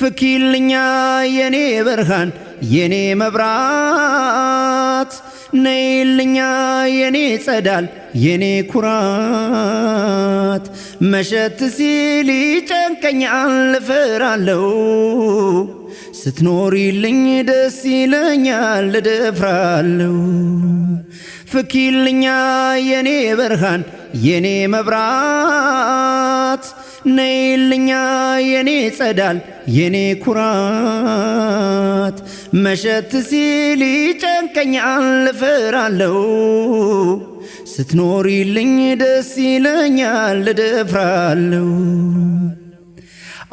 ፍኪልኛ የኔ ብርሃን የኔ መብራት ነይልኛ የኔ ጸዳል የኔ ኩራት መሸት ሲል ይጨንቀኛል እፈራለሁ ስትኖሪልኝ ደስ ይለኛል እደፍራለሁ ፍኪልኛ የኔ ብርሃን የኔ መብራት ነይልኛ የኔ ጸዳል የኔ ኩራት መሸት ሲል ይጨንቀኛል እፈራለሁ ስትኖሪልኝ ደስ ይለኛል እደፍራለሁ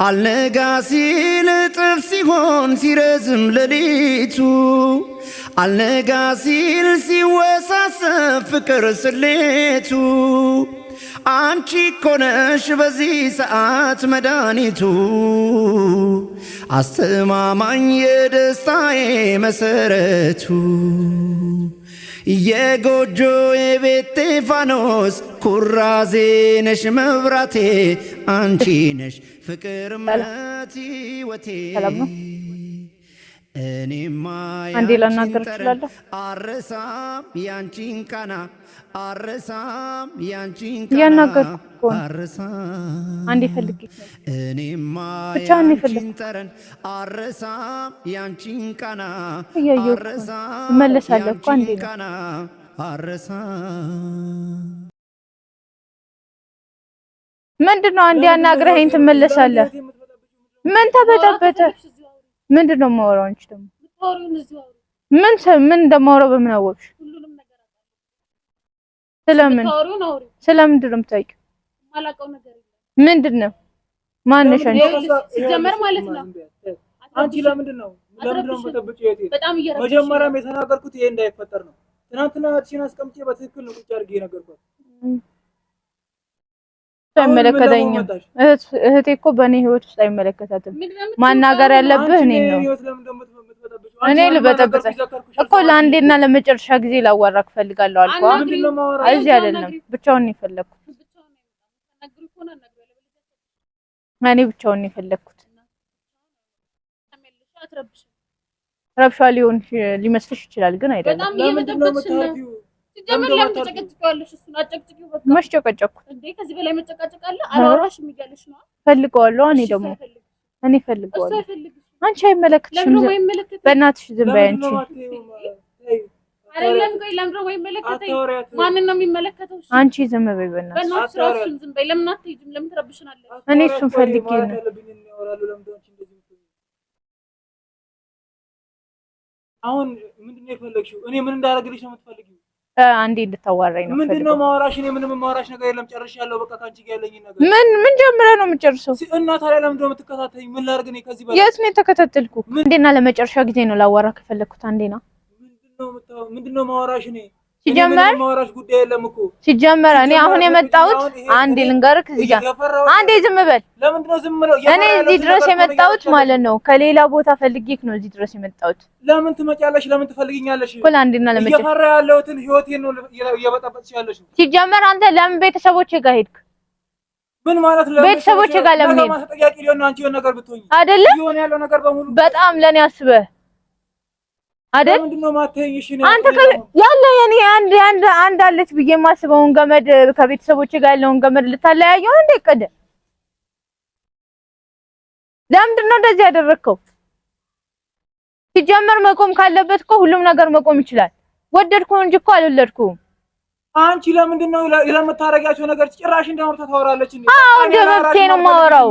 አልነጋ ሲል እጥፍ ሲሆን ሲረዝም ለሊቱ! አልነጋ ሲል ሲወሳሰብ ፍቅር ስሌቱ አንቺ ኮነሽ በዚህ ሰዓት መድኃኒቱ አስተማማኝ የደስታዬ መሰረቱ የጎጆ የቤቴ ፋኖስ ኩራዜ ነሽ መብራቴ አንቺ ነሽ ፍቅር ምለት ወቴ አንዴ ላናገር እችላለሁ። አረሳም ያንቺን ቃና አረሳም ያንቺን ቃና እያናገርኩ እኮ ነው። አንዴ ፈልጌ እኔማ ያንቺን ጠረን አረሳም ያንቺን ቃና እያየሁ እመለሳለሁ እኮ አንዴ አረሳም ምንድን ነው? አንዴ አናግረኸኝ ትመለሳለህ። ምን ተበጠበጠ? ምንድን ነው የማወራው? አንቺ ደግሞ ምን ምን እንደማወራው በምን አወቅሽ? ስለምን ስለምንድን ነው የምታውቂው? ምንድን ነው ማነሽ? አንቺ ሲጀመር ማለት ነው አንቺ ለምንድን ነው መጀመሪያም የተናገርኩት ይሄ እንዳይፈጠር ነው። ትናንትና እቺን አስቀምጬ በትክክል ነው ቁጭ አድርጌ ነገርኳት? አይመለከተኝም። እህቴ እኮ በእኔ ህይወት ውስጥ አይመለከታትም። ማናገር ያለብህ እኔ ነው። እኔ ልበጠብጠ እኮ ለአንዴና ለመጨረሻ ጊዜ ላዋራ ክፈልጋለሁ አልኳ። እዚህ አይደለም ብቻውን የፈለግኩት እኔ ብቻውን የፈለግኩት ረብሻ ሊሆን ሊመስልሽ ይችላል፣ ግን አይደለም። ሲጀመር ለምን ተጨቀጭቀዋለሽ? እሱን አጨቅጭቂው በቃ። መች ጨቀጨኩት እንዴ? ከዚህ በላይ መጨቃጨቅ አለ? አላወራሽም እያለሽ ነው። ፈልገዋለሁ። እኔ ደግሞ እኔ ፈልገዋለሁ። አንቺ አይመለከትሽም። በእናትሽ ዝም በይ አንቺ። አይደለም ቆይ፣ ለምን ነው የማይመለከተኝ? ማንን ነው የሚመለከተው? አንቺ ዝም በይ በእናትሽ። እራስሽን ዝም በይ። ለምን አትሄጂም? ለምን ትረብሽናለሽ? እኔ እሱን ፈልጌ ነው አሁን ምንድን ነው የፈለግሽው? እኔ ምን እንዳደረግልሽ ነው የምትፈልጊው? አንዴ እንድታዋራኝ ነው። ምንድን ነው ማዋራሽ? እኔ ምንም ማዋራሽ ነገር የለም ጨርሻለሁ። በቃ ካንቺ ጋር ያለኝ ነገር ምን ምን ጀምረህ ነው የምጨርሰው? እና ታዲያ ለምንድን ነው የምትከታተኝ? ምን ላድርግ? እኔ ከዚህ በላይ የት ነው የተከታተልኩ? እንዴና ለመጨረሻ ጊዜ ነው ላዋራ ከፈለግኩት። አንዴና ምንድን ነው ማወራሽ እኔ ሲጀመር ሲጀመር እኔ አሁን የመጣሁት አንዴ ልንገርህ፣ እዚህ ጋር አንዴ ዝም በል። እኔ እዚህ ድረስ የመጣሁት ማለት ነው ከሌላ ቦታ ፈልጌክ ነው እዚህ ድረስ የመጣሁት። ለምን ትመጫለሽ? ለምን ትፈልግኛለሽ? እኮ ለአንዴና ለመቼ እየፈራ ያለሁትን ህይወቴን ነው እየበጠበጥሽ ያለሽ። ሲጀመር አንተ ለምን ቤተሰቦች ጋር ሄድክ? ምን ማለት ለምን ቤተሰቦች ጋር ለምን ሄድክ? አይደለም በጣም ለኔ አስበህ አይደል አንተ ያለ የኔ አንድ አንድ አንድ አለች ብዬ የማስበውን ገመድ ከቤተሰቦች ጋር ያለውን ገመድ ልታለያየው እንደ እቅድ ለምንድን ነው እንደዚህ ያደረግከው? ሲጀመር መቆም ካለበት እኮ ሁሉም ነገር መቆም ይችላል። ወደድኩ እንጂ እኮ አልወለድኩም። አንቺ ለምንድን ነው ለምታረጊያቸው ነገር ጭራሽ እንደመብት ታወራለች። አዎ እንደ መብቴ ነው የማወራው።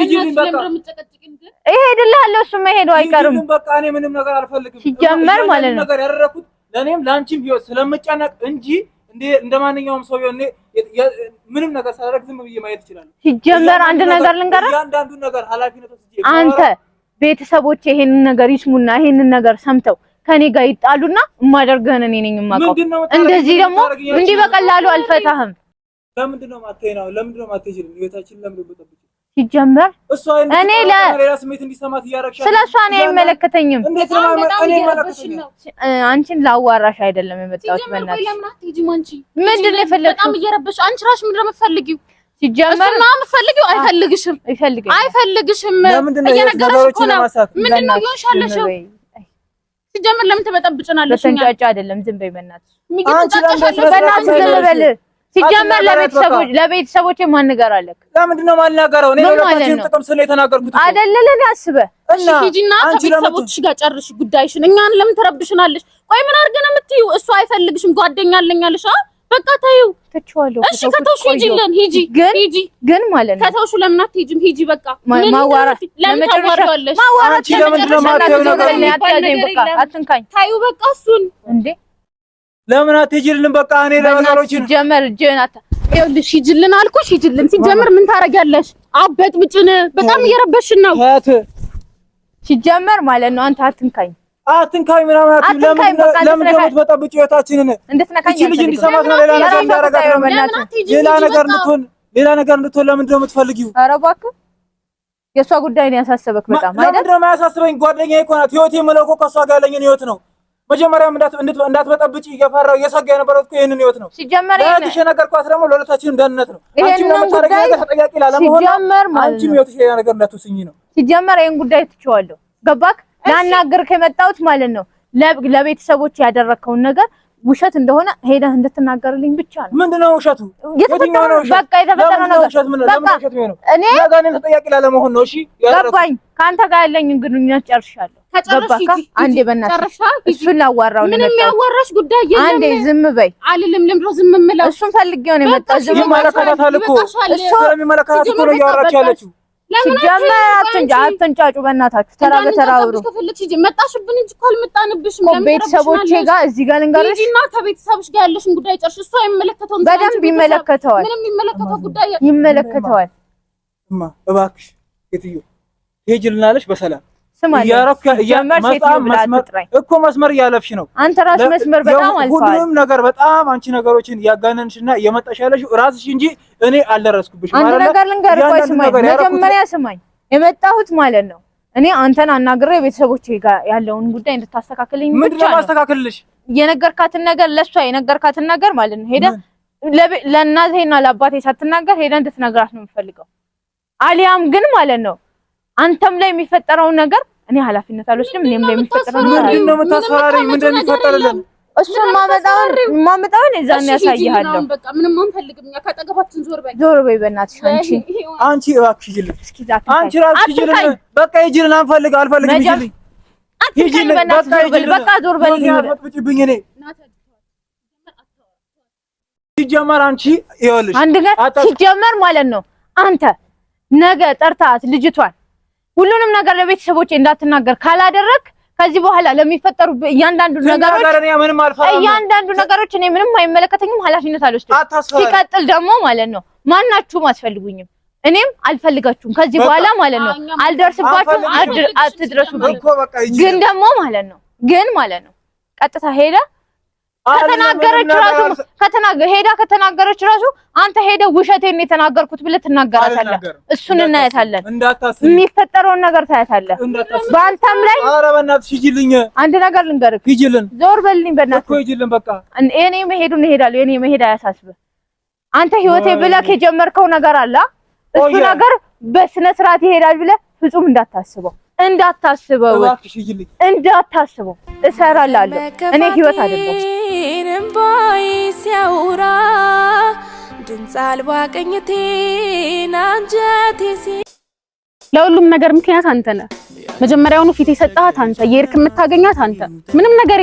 እሄድልሃለሁ። እሱ መሄዱ አይቀርም። በቃ እኔ ምንም ነገር አልፈልግም ሲጀመር ማለት ነው። ነገር ያደረኩት ለእኔም ለአንቺም ህይወት ስለምጨነቅ እንጂ እንደ ማንኛውም ሰው ምንም ነገር ሳላደርግ ዝም ብዬ ማየት እችላለሁ። ሲጀመር አንድ ነገር ልንገርህ፣ አንዳንዱ ነገር ኃላፊነት አንተ ቤተሰቦች ይሄንን ነገር ይስሙና ይሄንን ነገር ሰምተው ከኔ ጋር ይጣሉና የማደርግህን እኔ ነኝ የማውቀው። እንደዚህ ደግሞ እንዲህ በቀላሉ አልፈታህም። ለምንድን ነው የማትሄጂው? ለምንድን ነው የማትሄጂው? ቤታችንን ለምን ሲጀመር እኔ ስለ እሷ እኔ አይመለከተኝም። አንቺን ላዋራሽ አይደለም የመጣሁት። በእናትሽ ምንድን ነው የፈለግሽው? ሲጀመር የምትፈልጊው አይፈልግሽም፣ አይፈልግሽም። እየነገረሽ እኮ ነው። ምንድን ነው እየሆንሽ ሲጀመር ለምን ትበጠብጭናለሽ? በተንጫጫ አይደለም። ዝም በይ በእናትሽ። በእናትሽ ዝም በል ሲጀመር ለቤተሰቦች ለቤተሰቦች ማን ነገር አለክ? ለምንድን ነው የማልናገረው? እኔ ለሁለታችንም ጥቅም ስለ የተናገርኩት አይደለ? ለኔ አስበ እሺ፣ ሂጂና ከቤተሰቦችሽ ጋር ጨርሽ ጉዳይሽን። እኛን ለምን ተረብሽናለሽ? ቆይ ምን አድርገን የምትይው? እሱ አይፈልግሽም፣ ጓደኛ አለኛለሽ። በቃ ተይው፣ ትቼዋለሁ። እሺ፣ ከተውሽ ሂጂልን፣ ሂጂ፣ ሂጂ። ግን ማለት ነው ከተውሽ ለምን አትሄጂም? ሂጂ፣ በቃ ማዋራት ለምን ታዋሪዋለሽ? ማዋራት ለምን ማዋራት? ለምን አትንካኝ፣ ተይው በቃ እሱን እንዴ ለምን አትሄጂልንም? በቃ እኔ ለነገሮች ጀመር ጀናታ ይኸውልሽ፣ ሂጂልን አልኩሽ፣ ሂጂልን ሲጀመር ምን አበጥ አበጥብጭን በጣም እየረበሽን ነው። አት ሲጀመር ማለት ነው። አንተ አትንካኝ፣ አትንካኝ ምናምን አትይም። ለምን ለምን ደግሞ ትበጠብጪው ህይወታችንን እንድትነካኝ ልጅ እንዲሰማት ነው። ሌላ ነገር እንዳረጋት ነው። ሌላ ነገር እንድትሆን ሌላ ነገር እንድትሆን ለምን ነው ትፈልጊው? ኧረ እባክህ የእሷ ጉዳይ ነው ያሳሰበክ በጣም አይደል? ለምን ነው የማያሳስበኝ? ጓደኛዬ እኮ ናት። ህይወት የምለው እኮ ከእሷ ጋር ያለኝን ህይወት ነው መጀመሪያም እንዳትበጠብጭ እየፈራሁ እየሰጋ የነበረው እኮ ይህንን ህይወት ነው። ሲጀመር እህትሽ የነገርኳት ደግሞ ለሁለታችንም ደህንነት ነው። አንቺም ለምታደርጊ ነገር ተጠያቂ ላለመሆን አንቺም ህይወትሽ ሌላ ነገር እንዳትወስኝ ነው። ሲጀመር ይህን ጉዳይ ትችዋለሁ። ገባክ? ላናግርህ የመጣሁት ማለት ነው ለቤተሰቦች ያደረግከውን ነገር ውሸት እንደሆነ ሄደህ እንድትናገርልኝ ብቻ ነው። ነው ውሸቱ? የተፈጠረ በቃ የተፈጠረ ነገር በቃ እኔ ጋኔ ተጠያቂ ላለመሆን ነው። እሺ ገባኝ። ከአንተ ጋር ያለኝ ግንኙነት ጨርሻለሁ። ገባህ? አንዴ በእናትህ እሱን ላዋራው ነው። ምንም ያዋራሽ ጉዳይ የለም። አንዴ ዝም በይ አልልም። ለምሮ ዝም የምለው እሱን ፈልጌው ነው የመጣሁት። ዝም ማለት አለኮ እሱ ስለሚመለከታት እኮ ነው እያወራች ያለችው አትንጫጩ በእናታችሁ። ተራ በተራ አውሩ። መጣሽብን እንጂ እኮ አልመጣንብሽም። ቤተሰቦቼ ጋር እዚህ ጋር ልንገርሽ ከቤተሰብሽ ጋር ያለሽን ጉዳይ ጨርሽ። እሱ አይመለከተውም። በደንብ ይመለከተዋል። ምንም የሚመለከተው ጉዳይ ይመለከተዋል። እባክሽ ልናለሽ በሰላም እኮ መስመር እያለፍሽ ነው። አንተ መስመር በጣም ነገር በጣም አንቺ ነገሮችን እየመጣሽ ያለሽ ራስሽ እንጂ እኔ አንድ ነገር ልንገርህ፣ ቆይ ስማኝ፣ መጀመሪያ ስማኝ። የመጣሁት ማለት ነው እኔ አንተን አናግሬ ቤተሰቦቼ ጋር ያለውን ጉዳይ እንድታስተካክልኝ ብቻ ነው። የነገርካትን ነገር ለሷ የነገርካትን ነገር ማለት ነው ለእናቴና ለአባቴ ሳትናገር እንድትነግራት ነው የምፈልገው። አሊያም ግን ማለት ነው አንተም ላይ የሚፈጠረውን ነገር እኔ ኃላፊነት አልወስድም። እኔም ላይ ነው የምታስፈራሪኝ? እሱን ማመጣውን ማመጣውን እዛም በቃ ምንም ካጠገባችን ሲጀመር አንቺ ይኸውልሽ፣ አንድ ጋር ሲጀመር ማለት ነው አንተ ነገ ጠርታት ልጅቷን ሁሉንም ነገር ለቤተሰቦች እንዳትናገር ካላደረግ ከዚህ በኋላ ለሚፈጠሩ እያንዳንዱ ነገሮች እያንዳንዱ ነገሮች እኔ ምንም አይመለከተኝም፣ ኃላፊነት አልወስድም። ሲቀጥል ደግሞ ማለት ነው ማናችሁም አስፈልጉኝም፣ እኔም አልፈልጋችሁም። ከዚህ በኋላ ማለት ነው አልደርስባችሁም፣ አትድረሱብኝ። ግን ደግሞ ማለት ነው ግን ማለት ነው ቀጥታ ሄደ ከተናገረች ራሱ ከተናገረ ሄዳ ከተናገረች ራሱ አንተ ሄደ ውሸቴን የተናገርኩት ብለህ ትናገራታለህ። እሱን እናያታለን። የሚፈጠረውን ነገር ታያታለህ። በአንተም ላይ ኧረ በእናትሽ ሂጂልኝ። አንድ ነገር ልንገርህ፣ ሂጂልን፣ ዞር በልኝ በእናትህ እኮ ሂጂልን። በቃ እኔ መሄዱን እሄዳለሁ። የእኔ መሄድ አያሳስብህ። አንተ ህይወቴ ብለህ የጀመርከው ነገር አለ። እሱ ነገር በስነ ስርዓት ይሄዳል ብለህ ፍጹም እንዳታስበው እንዳታስበው እንዳታስበው። እሰራላለሁ እኔ ህይወት አይደለም ልቤንም ባይ ሲያውራ ድምፅ አልባ ቅኝቴን አንጀቴ ሲ ለሁሉም ነገር ምክንያት አንተ ነህ። መጀመሪያውኑ ፊት የሰጣት አንተ፣ የሄድክ የምታገኛት አንተ። ምንም ነገር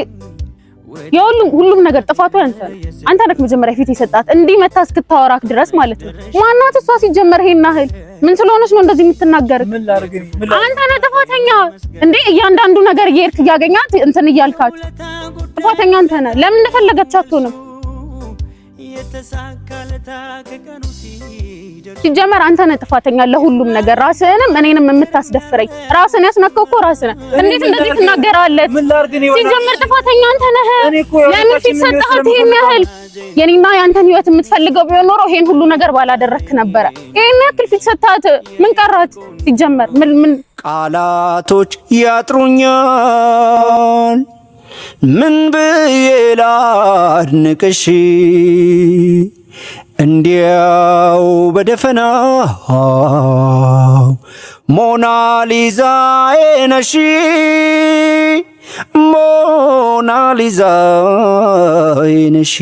የሁሉም ሁሉም ነገር ጥፋቱ አንተ ነህ። አንተ ነህ መጀመሪያ ፊት የሰጣት እንዲህ መታ እስክታወራክ ድረስ ማለት ነው። ማናት እሷ ሲጀመር? ይሄን ያህል ምን ስለሆነች ነው እንደዚህ የምትናገር? አንተ ነህ ጥፋተኛ እንዴ! እያንዳንዱ ነገር እየሄድክ እያገኛት እንትን እያልካት ጥፋተኛ አንተ ነህ። ለምን እንደፈለገቻችሁ ነው ሲጀመር አንተ ነህ ጥፋተኛ ለሁሉም ነገር፣ ራስህንም እኔንም የምታስደፍረኝ ራስህን ያስነካው እኮ ራስህ ነህ። እንዴት እንደዚህ ትናገራለህ? ሲጀመር ጥፋተኛ አንተ ነህ። ለምን ፊት ሰጠሃት? ይሄን ያህል የኔና የአንተን ህይወት የምትፈልገው ቢሆን ኖሮ ይሄን ሁሉ ነገር ባላደረክ ነበረ። ይሄን ያክል ፊት ሰጣት፣ ምን ቀራት? ሲጀመር ምን ምን ቃላቶች ያጥሩኛል ምን ብዬ ላድንቅሽ እንዲያው በደፈናው ሞናሊዛዬ ነሽ ሞናሊዛዬ ነሽ